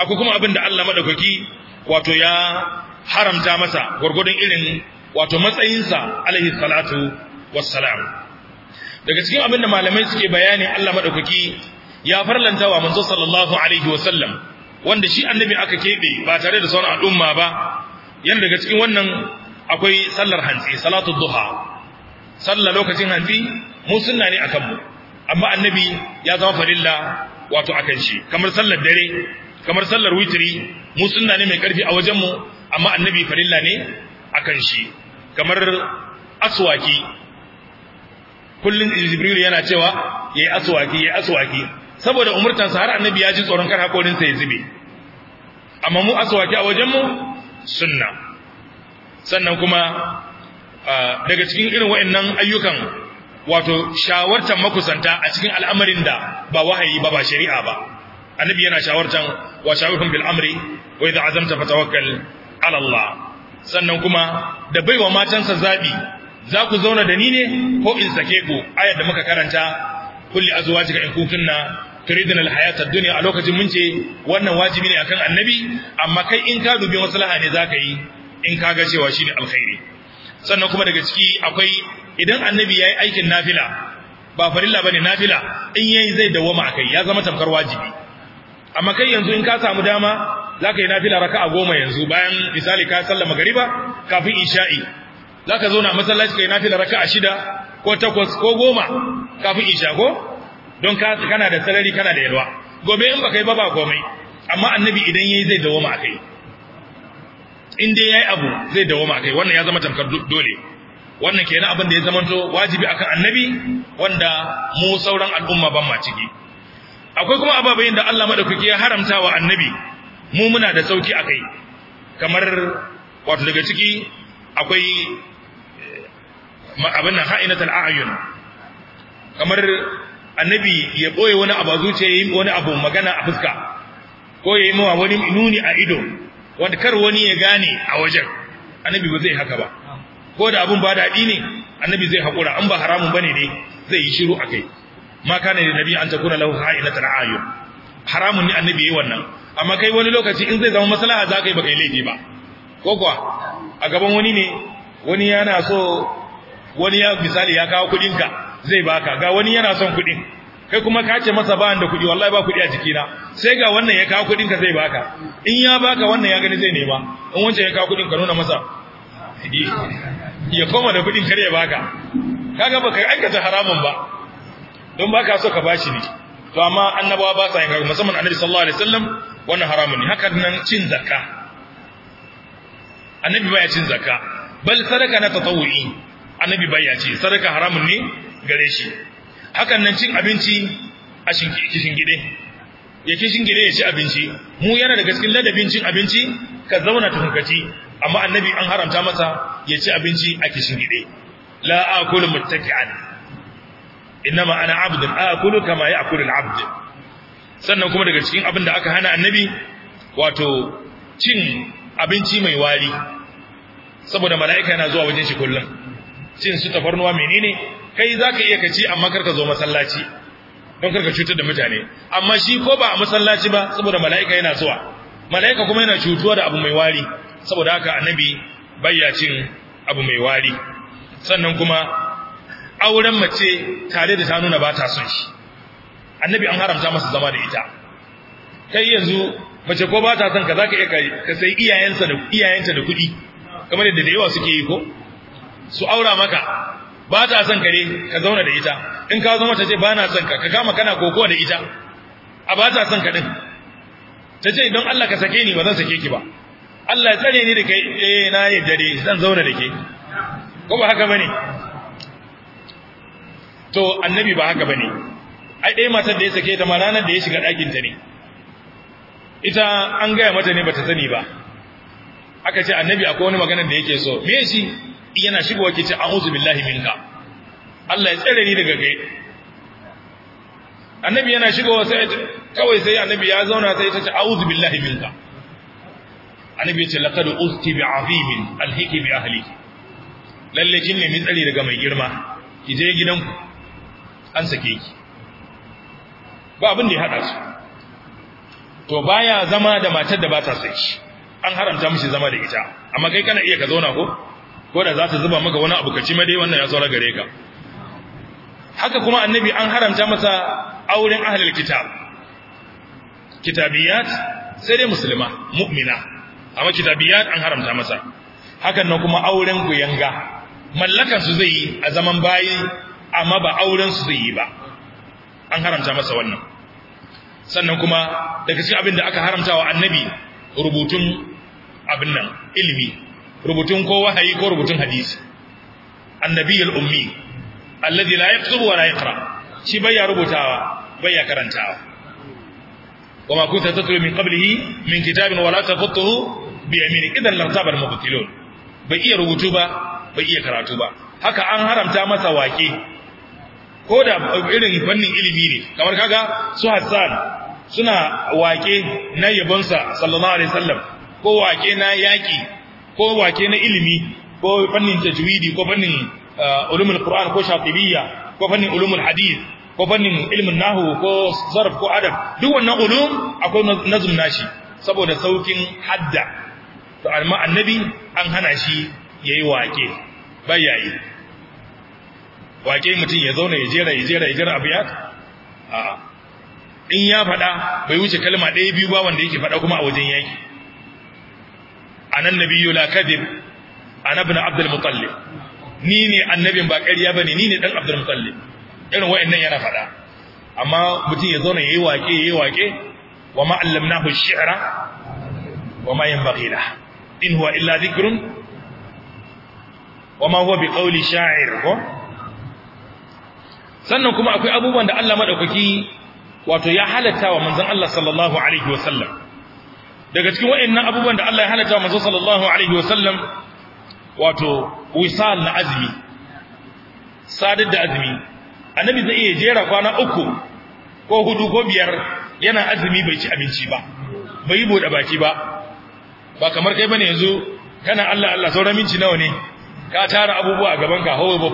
akwai kuma abin da Allah madaukaki wato ya haramta masa gurgurdun irin wato matsayinsa alaihi salatu wassalam daga cikin abin da malamai suke bayani Allah madaukaki ya farlanta wa manzo sallallahu alaihi wasallam wanda shi annabi aka kebe ba tare da sauran al'umma ba yan daga cikin wannan akwai sallar hanzi salatu duha sallar lokacin hantsi mu sunna ne akan mu amma annabi ya zama farilla wato akan shi kamar sallar dare kamar sallar witri mu sunna ne mai karfi a wajen mu amma annabi farilla ne akan shi kamar aswaki kullun jibril yana cewa yayi aswaki yayi aswaki saboda umurtansa har annabi ya ji tsoron kar hakorin sa ya zube amma mu aswaki a wajen mu sunna sannan kuma daga cikin irin wayannan ayyukan wato shawartan makusanta a cikin al'amarin da ba wahayi ba ba shari'a ba annabi yana shawartan wa shawirhum bil amri wa idza azamta fatawakkal ala Allah sannan kuma da baiwa matansa zabi za ku zauna da ni ne ko in sake ku ayar da muka karanta kulli azwajika in kuntunna turidin alhayatar dunya a lokacin mun ce wannan wajibi ne akan annabi amma kai in ka dubi maslaha ne zaka yi in ka ga cewa shine alkhairi sannan kuma daga ciki akwai idan annabi yayi aikin nafila ba farilla bane nafila in yayi zai dawoma akai ya zama tamkar wajibi amma kai yanzu in ka samu dama zaka yi nafila raka'a goma yanzu bayan misali ka sallama gariba kafin isha'i za ka zauna masallaci kai nafila raka a shida ko takwas ko goma kafin isha ko don kana da sarari kana da yalwa gobe in baka yi ba ba komai amma annabi idan yayi zai dawo ma kai in dai yayi abu zai dawo a kai wannan ya zama tamkar dole wannan kenan abin da ya zamanto wajibi akan annabi wanda mu sauran al'umma ban ma ciki akwai kuma ababayin da Allah madaukaki ya haramta wa annabi mu muna da sauki akai kamar wato daga ciki akwai abin nan ha'inatul a'yun kamar annabi ya boye wani abu zuciya yayin wani abu magana a fuska ko yayi mawa wani nuni a ido wanda kar wani ya gane a wajen annabi ba zai haka ba ko da abun ba dadi ne annabi zai haƙura an ba haramun bane ne zai yi shiru akai ma kana da nabi an takuna lahu ha'inatul a'yun haramun ne annabi yayi wannan amma kai wani lokaci in zai zama maslaha za kai ba baka yi laifi ba ko kuwa a gaban wani ne wani yana so wani ya misali ya kawo kudin ka zai baka ga wani yana son kudin kai kuma ka ce masa ba da kudi wallahi ba kudi a jikina sai ga wannan ya kawo kudin ka zai baka in ya baka wannan ya gani zai nema in wancan ya kawo kudin ka nuna masa [laughs] ya koma da kudin kar ya baka kaga baka aikata haramun ba don baka so ka bashi ne to amma annabawa ba sa yin haka musamman annabi sallallahu alaihi wasallam wannan haramun ne haka nan cin zakka annabi ya cin zakka bal sadaka na tatawu'i annabi ya ce sadaka haramun ne gare shi hakan nan cin abinci a kishin gide ya kishin gide ya ci abinci mu yana daga cikin ladabin cin abinci ka zauna tukunkaci amma annabi an haramta masa ya ci abinci a kishin gide la akulu muttaki'an innama ana abdu akulu kama ya'kulu al-abd sannan kuma daga cikin abin da aka hana annabi wato cin abinci mai wari saboda mala'ika yana zuwa wajen shi kullum cin su tafarnuwa menene kai zaka iya kaci amma karka zo masallaci don karka cutar da mutane amma shi ko ba a masallaci ba saboda mala'ika yana zuwa mala'ika kuma yana cutuwa da abu mai wari saboda haka annabi bayya cin abu mai wari sannan kuma auren mace tare da ta nuna ba ta son shi annabi an haramta masa zama da ita kai yanzu mace ko ba ta son ka zaka iya ka sai iyayensa da iyayenta da kuɗi kamar yadda da yawa suke yi ko su aura maka ba ta son kare ka zauna da ita in ka zo mata ce ba na son ka ka kama kana kokowa da ita a ba ta son ka din ta ce don Allah ka sake ni ba zan sake ki ba Allah ya tsare ni da kai eh na yadda dai zan zauna da ke ko ba haka bane to annabi ba haka bane ai dai matar da ya sake ta ma ranar da ya shiga ɗakin ta ne ita an gaya mata ne bata sani ba aka ce annabi akwai wani maganar da yake so me shi yana shigowa ke ce a'udhu billahi minka Allah ya tsare ni daga gai annabi yana shigowa sai kawai sai annabi ya zauna sai ya ce a'udhu billahi minka annabi ya ce laqad uzti bi azimin alhiki bi ahli lalle kin mi tsare daga mai girma ki je gidanku an sake ki ba abin da ya hada su to baya zama da matar da ba ta sai an haramta mishi zama da ita amma kai kana iya ka zauna ko ko da za ta zuba maka wani abu kaci madai wannan ya saura gare ka haka kuma annabi an haramta masa auren ahlul kitab kitabiyat sai dai musulma mu'mina amma kitabiyat an haramta masa hakan nan kuma auren kuyanga mallakan su zai yi a zaman bayi amma ba auren su zai yi ba an haramta masa wannan sannan kuma daga cikin abin da aka haramta wa annabi rubutun abin nan ilimi rubutun ko wahayi ko rubutun hadisi annabi al-ummi alladhi la yaktubu wa la yaqra shi baya rubutawa bai ya karantawa wama kunta tatlu min qablihi min kitabin wala taqutuhu bi yamini idan lartaba al-mubtilun bai iya rubutu ba bai iya karatu ba haka an haramta masa wake ko da irin fannin ilimi ne kamar kaga su Hassan suna wake na yabonsa sallallahu alaihi wasallam ko wake na yaki ko wake na ilimi ko fannin tajwidi ko fannin uh, ulumul qur'an ko shatibiyya ko fannin ulumul hadith ko fannin ilmin nahu ko zarf ko adab duk wannan ulum akwai nazm nashi saboda saukin hadda to amma annabi an hana shi yayi wake bayayi wake mutum ya zauna ya jera ya jera ya jera abiyat a'a. in ya faɗa bai wuce kalma ɗaya biyu ba wanda yake faɗa kuma a wajen yaki anan nabiyyu la kadib ana ibn abdul muttalib ni ne annabin ba ƙarya bane ni ne dan abdul muttalib irin wayannan yana faɗa amma mutum ya zauna yayi wake yayi wake wa ma allamnahu ash-shi'ra wa ma yanbaghi lahu in huwa illa dhikrun wa ma huwa biqawli sha'ir ko sannan kuma akwai abubuwan da Allah madaukaki wato ya halatta wa manzon Allah sallallahu alaihi wasallam daga cikin waɗannan abubuwan da Allah ya halatta manzo sallallahu alaihi wasallam wato wisal na azumi sadar da azumi annabi zai iya jera kwana uku ko hudu ko biyar yana azumi bai ci abinci ba bai yi bude baki ba ba kamar kai bane yanzu kana Allah Allah sauran minci nawa ne ka tara abubuwa a gaban ka hawo ba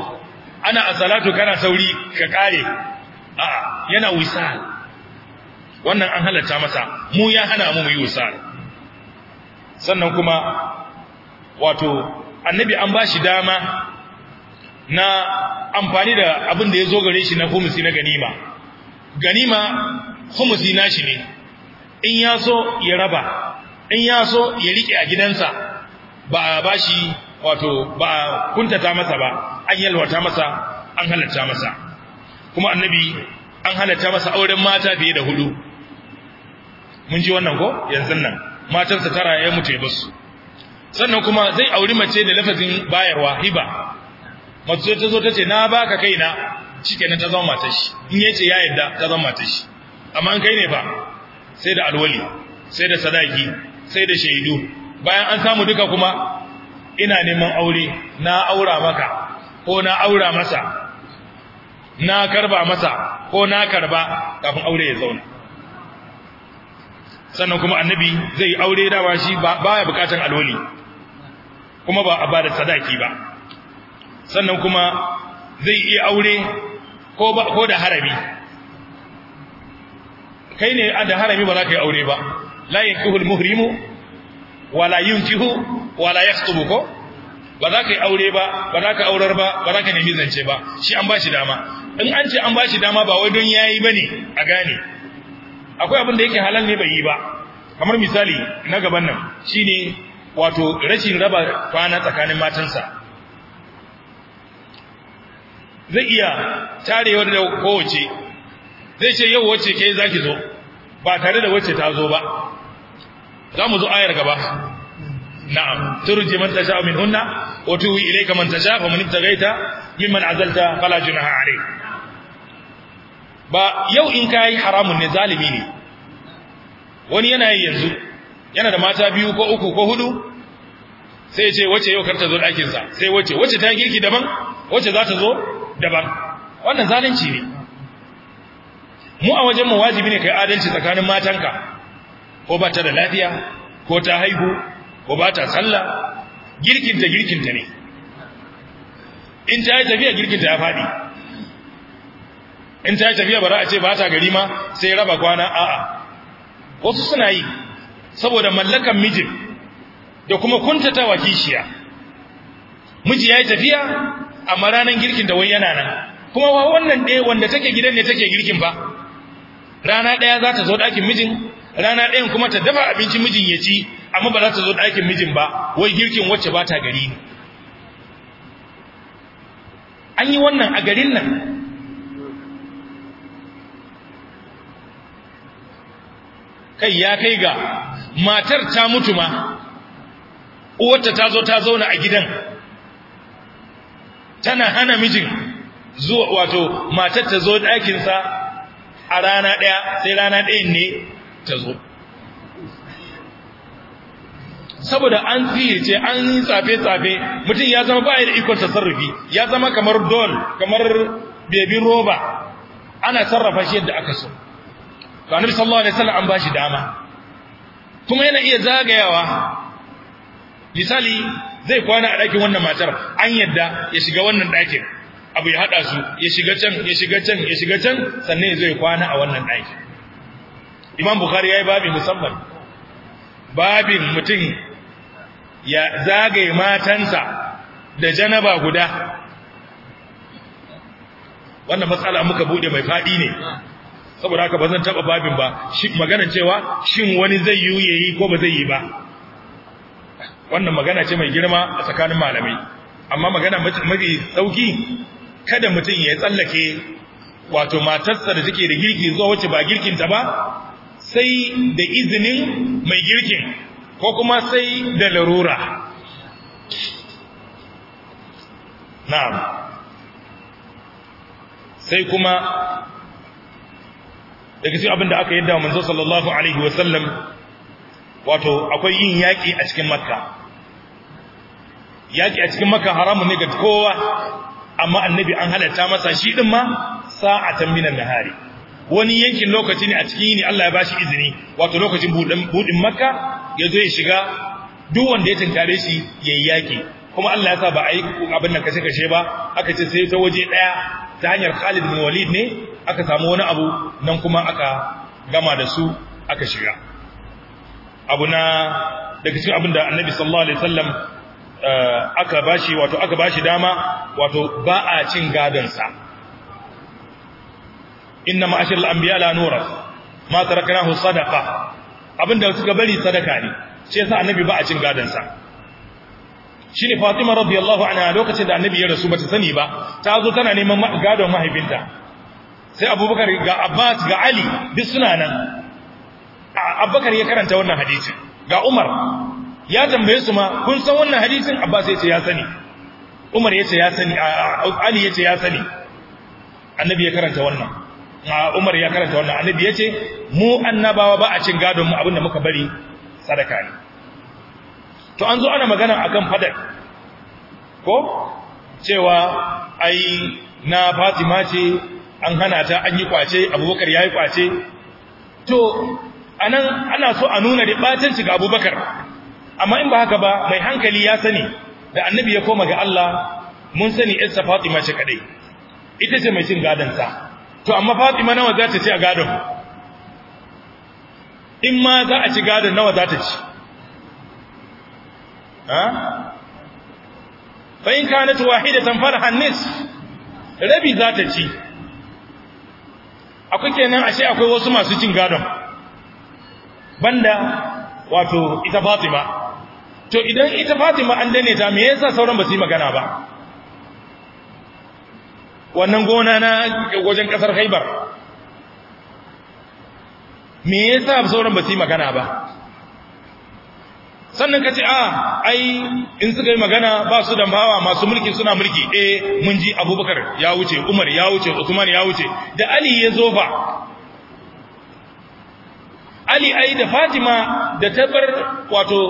ana asalatu kana sauri ka kare a'a yana wisal wannan an halatta masa mu ya hana mu yi wisal sannan kuma wato annabi an ba shi dama na amfani da abin da ya zo gare shi na humusi na ganima ganima humusi na shi ne in ya so ya raba in ya so ya riƙe a gidansa ba a ba shi wato ba a kuntata masa ba an yalwata masa an halatta masa kuma annabi an halatta masa auren mata fiye da hudu mun ji wannan ko yanzu nan matarsa tara ya mutu ya basu sannan kuma zai auri mace da lafazin bayarwa hiba mace ta zo ta ce na baka kaina shikenan ta zama matar shi in yace ya yarda ta zama matar shi amma kai ne ba sai da alwali sai da sadaki sai da shaidu bayan an samu duka kuma ina neman aure na aura maka ko na aura masa na karba masa ko na karba kafin aure ya zauna sannan kuma annabi zai aure dawa shi baya bukatan alwali kuma ba a ba da sadaki ba sannan kuma zai iya aure ko da harami kai ne da harami ba za ka yi aure ba la yankihul muhrimu wala yunkihu wala su ko ba za ka yi aure ba ba za ka aurar ba ba za ka nemi zance ba shi an ba shi dama in an ce an ba shi dama ba ya don ba ne a gane akwai abin da yake halal ne bai yi ba kamar misali na gaban nan shine wato rashin raba kwana tsakanin matansa zai iya tarewa da kowace zai ce yau wacce ke zaki zo ba tare da wacce ta zo ba za mu zo ayar gaba na'am turji man tasha min hunna wa tuwi ilayka man tasha min tagaita mimman azalta fala junaha alayk ba yau in ka yi haramun ne zalimi ne wani yana yi yanzu yana da mata biyu ko uku ko hudu sai ce wace yau karta zo ɗakinsa sai wace wace ta girki daban wace za ta zo daban wannan zalunci ne mu a wajenmu wajibi ne kai adalci tsakanin matanka ko ba ta da lafiya ko ta haihu ko ba ta sallah girkinta girkinta ne in ta yi tafiya girkinta ya faɗi in ta yi tafiya bara a ce ba ta gari ma sai raba kwana a'a wasu suna yi saboda mallakan mijin da kuma kuntatawa kishiya miji ya yi tafiya amma ranar girkin da wai yana nan kuma wa wannan ɗaya wanda take gidan ne take girkin ba rana ɗaya za ta zo ɗakin mijin rana ɗayan kuma ta dafa abinci mijin ya ci amma ba za ta zo ɗakin mijin ba wai girkin wacce ba ta gari ne an yi wannan a garin nan kai ya kai ga matar ta mutu ma uwarta ta zo ta zauna a gidan tana hana mijin zuwa wato matar ta zo ɗakinsa a rana ɗaya sai rana ɗayan ne ta zo saboda an tsirce an yi tsafe-tsafe mutum ya zama ba da ikon tasarrufi ya zama kamar dol kamar bebin roba ana sarrafa shi yadda aka so to annabi sallallahu alaihi wasallam an bashi dama kuma yana iya zagayawa misali zai kwana a ɗakin wannan matar an yadda ya shiga wannan dakin abu ya haɗa su ya shiga can ya shiga can ya shiga can sannan zai kwana a wannan ɗakin imam bukhari ya yi babi musamman babin mutum ya zagaye matansa da janaba guda wannan matsala muka buɗe mai faɗi ne saboda haka ba zan taba babin ba shi cewa shin wani zai yi yayi ko ba zai yi ba wannan magana ce mai girma a tsakanin malamai amma magana mafi sauki kada mutum ya tsallake wato matarsa da take da girki zuwa wacce ba girkinta ba sai da izinin mai girkin ko kuma sai da larura na'am sai kuma daga cikin abin da aka yadda manzo sallallahu alaihi wasallam wato akwai yin yaki a cikin makka yaki a cikin makka haramun ne ga kowa amma annabi an halatta masa shi din ma sa'atan minan nahari wani yankin lokaci ne a cikin yini Allah ya bashi izini wato lokacin budin makka ya zo ya shiga duk wanda ya tinkare shi yayi yaki kuma Allah ya sa ba a yi abin nan kashe-kashe ba aka ce sai ta waje ɗaya ta hanyar Khalid bin Walid ne aka samu wani abu nan kuma aka gama da su aka shiga abu na daga cikin abin da annabi sallallahu alaihi wasallam eh, aka bashi wato aka bashi dama wato ba a cin gadon sa inna ma'ashal anbiya la nura ma taraknahu sadaqa abinda suka bari sadaka ne sai sa annabi ba a cin gadon sa shine fatima radiyallahu anha lokacin da annabi ya rasu bata sani ba ta zo tana neman gadon mahaifinta sai abubakar ga abbas ga ali duk suna nan abubakar ya karanta wannan hadisin ga umar ya tambaye su ma kun san wannan hadisin abbas ya ce ya sani umar ya ce ya sani ali ya ce ya sani annabi ya karanta wannan umar ya karanta wannan annabi ya ce mu annabawa ba a cin gadon mu abinda muka bari sadaka ne to an zo ana magana akan fadar ko cewa ai na fatima ce an hana ta an yi kwace abubakar ya yi kwace to anan ana so a nuna da batanci ga abubakar amma in ba haka ba mai hankali ya sani da annabi ya koma ga Allah mun sani Isa Fatima ce kadai ita ce mai cin gadon sa to amma Fatima nawa za ta ci a gadon in ma za a ci gadon nawa za ta ci ha fa in kanat wahidatan farhan nis rabi za ta ci akwai kenan ashe akwai wasu masu cin gadon banda wato ita Fatima to idan ita Fatima an dane ta me yasa sauran ba su yi magana ba wannan gona na wajen kasar Khaibar me yasa sauran ba su yi magana ba sannan ka ce a ah, ai in suka yi magana ba su da bawa masu mulki suna mulki eh mun ji abubakar ya wuce umar ya wuce usman ya wuce da ali ya zo fa ali ai da fatima da tabar wato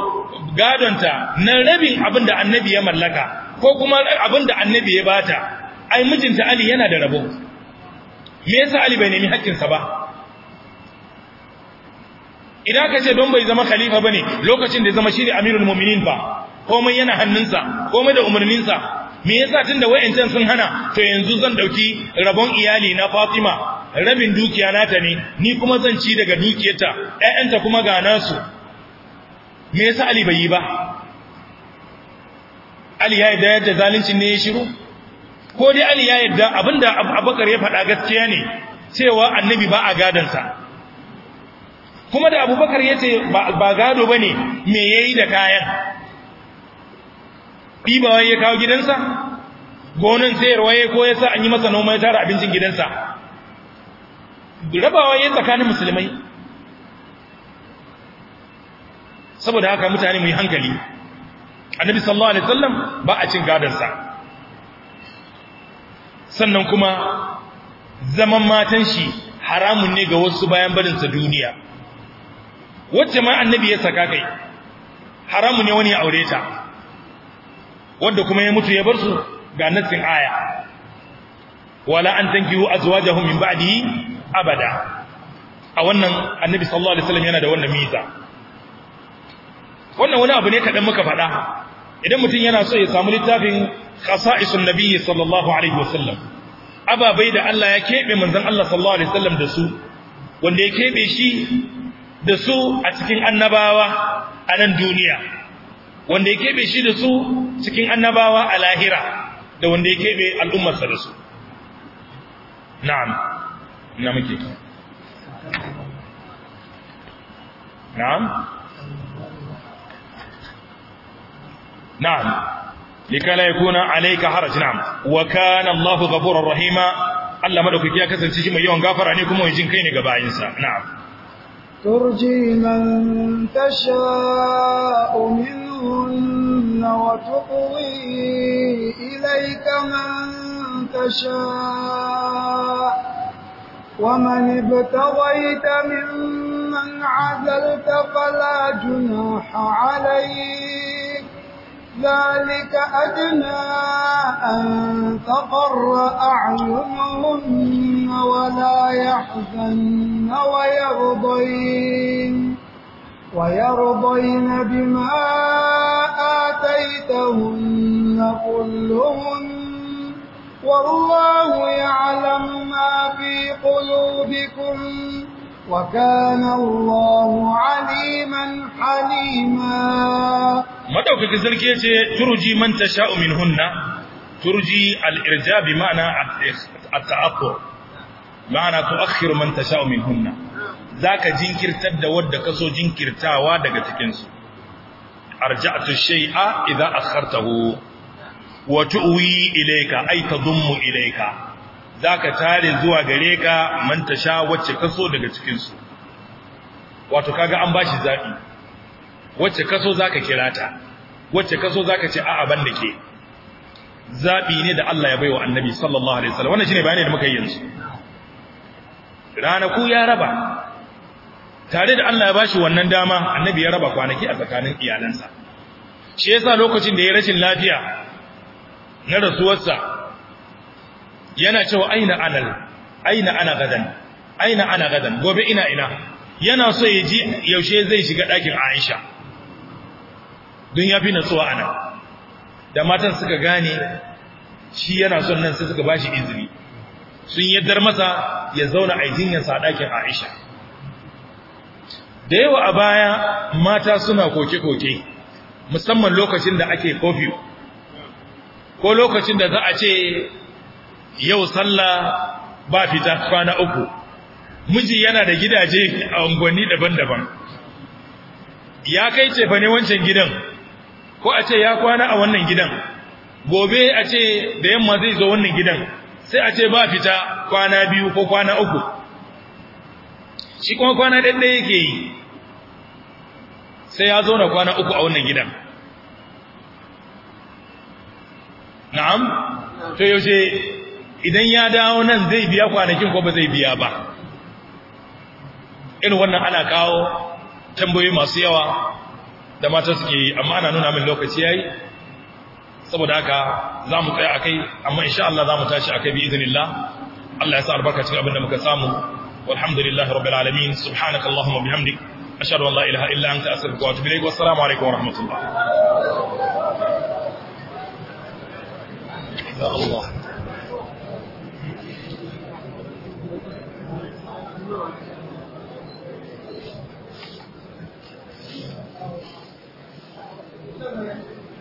gadonta na rabin abin da annabi ya mallaka ko kuma abin da annabi ya bata ai mijinta ali yana da rabo me yasa ali bai nemi haƙƙinsa ba idan ka ce don bai zama khalifa ba ne lokacin da ya zama shine amirul mu'minin ba komai yana hannunsa komai da umarninsa me yasa da wayancan sun hana to yanzu zan ɗauki rabon iyali na Fatima rabin dukiya nata ne ni kuma zan ci daga dukiyarta ƴaƴanta kuma ga nasu me yasa Ali bai yi ba Ali ya yarda yadda zalincin ne ya shiru ko dai Ali ya yarda abinda Abubakar ya faɗa gaskiya ne cewa annabi ba a gadansa kuma da abubakar ya ce ba gado ba ne me ya yi da kayan ɗibawa ya kawo gidansa gonin sayarwa ya ko ya sa an yi masa noma ya tara abincin gidansa rabawa ya tsakanin musulmai saboda haka mutane mu yi hankali annabi sallallahu alaihi wasallam ba a cin sa. sannan kuma zaman matan shi haramun ne ga wasu bayan barinsa duniya wacce ma annabi ya saka kai haramu ne wani ya aure ta wanda kuma ya mutu ya bar su ga nassin aya wala an tankihu azwajahum min ba'di abada a wannan annabi sallallahu alaihi wasallam yana da wannan miza wannan wani abu ne kadan muka faɗa idan mutum yana so ya samu littafin khasa'isun nabiyyi sallallahu alaihi wasallam ababai da Allah ya kebe manzon Allah sallallahu alaihi wasallam da su wanda ya kebe shi da su a cikin annabawa a nan duniya wanda ya keɓe shi da su cikin annabawa a lahira da wanda ya keɓe al'ummarsa da su na'am na muke na'am na'am likala yakuna alayka haraj na'am wa kana Allahu ghafurur rahima Allah madaukaki ya kasance shi mai yawan gafara ne kuma mai jin kai ne ga bayinsa na'am ترجي من تشاء منهن وتقضي إليك من تشاء ومن ابتغيت ممن عزلت فلا جناح عليك ذلك أدنى أن تقر أعينهن ولا يحزن ويرضين ويرضين بما آتيتهن كلهن والله يعلم ما في قلوبكم وكان الله عليما حليما ما sarki كذلك turji man tasha'u minhunna turji al-irja bi ma'ana ma'ana tu'akhir man tasha'u minhunna zaka jinkirtar da wanda kaso jinkirtawa daga cikin su arja'tu shay'a idza akhartahu wa tu'wi ilayka ay tadummu ilayka zaka tare zuwa gare ka man tasha wacce kaso daga cikin su wato kaga an bashi zabi wacce kaso zaka kira ta wacce kaso zaka ce a'a ban da ke zabi ne da Allah ya baiwa annabi sallallahu alaihi wasallam wannan shine bayani da muka yi yanzu ranaku ya raba tare da Allah ya bashi wannan dama annabi ya raba kwanaki a tsakanin iyalansa shi yasa lokacin da ya rashin lafiya na rasuwarsa yana cewa aina anal aina ana gadan aina ana gadan gobe ina ina yana so ya ji yaushe zai shiga ɗakin Aisha don ya fi natsuwa nan. da matan suka gane shi yana son nan sai suka bashi izini sun yaddar masa ya zauna a jinyarsa a ɗakin Aisha da yawa a baya mata suna koke-koke musamman lokacin da ake kofi ko lokacin da za a ce yau sallah ba fita kwana uku miji yana da gidaje a unguwanni daban-daban ya kai ce fa ne wancan gidan ko a ce ya kwana a wannan gidan gobe a ce da yamma zai zo wannan gidan sai a ce ba fita kwana biyu ko kwana uku shi kuma kwana yake yi sai ya zauna kwana uku a wannan gidan na'am to yaushe idan ya dawo nan zai biya kwanakin ko ba zai biya ba irin wannan ana kawo tambayoyi masu yawa da mata suke yi amma ana nuna min lokaci yayi saboda haka za mu a kai amma insha Allah za mu tashi kai bi iznillah Allah ya sa albarka cikin abin da muka samu walhamdulillahi rabbil alamin subhanaka allahumma bihamdik ashhadu an la ilaha illa anta astaghfiruka wa atubu ilaik wassalamu alaikum wa rahmatullah ya Allah Thank you.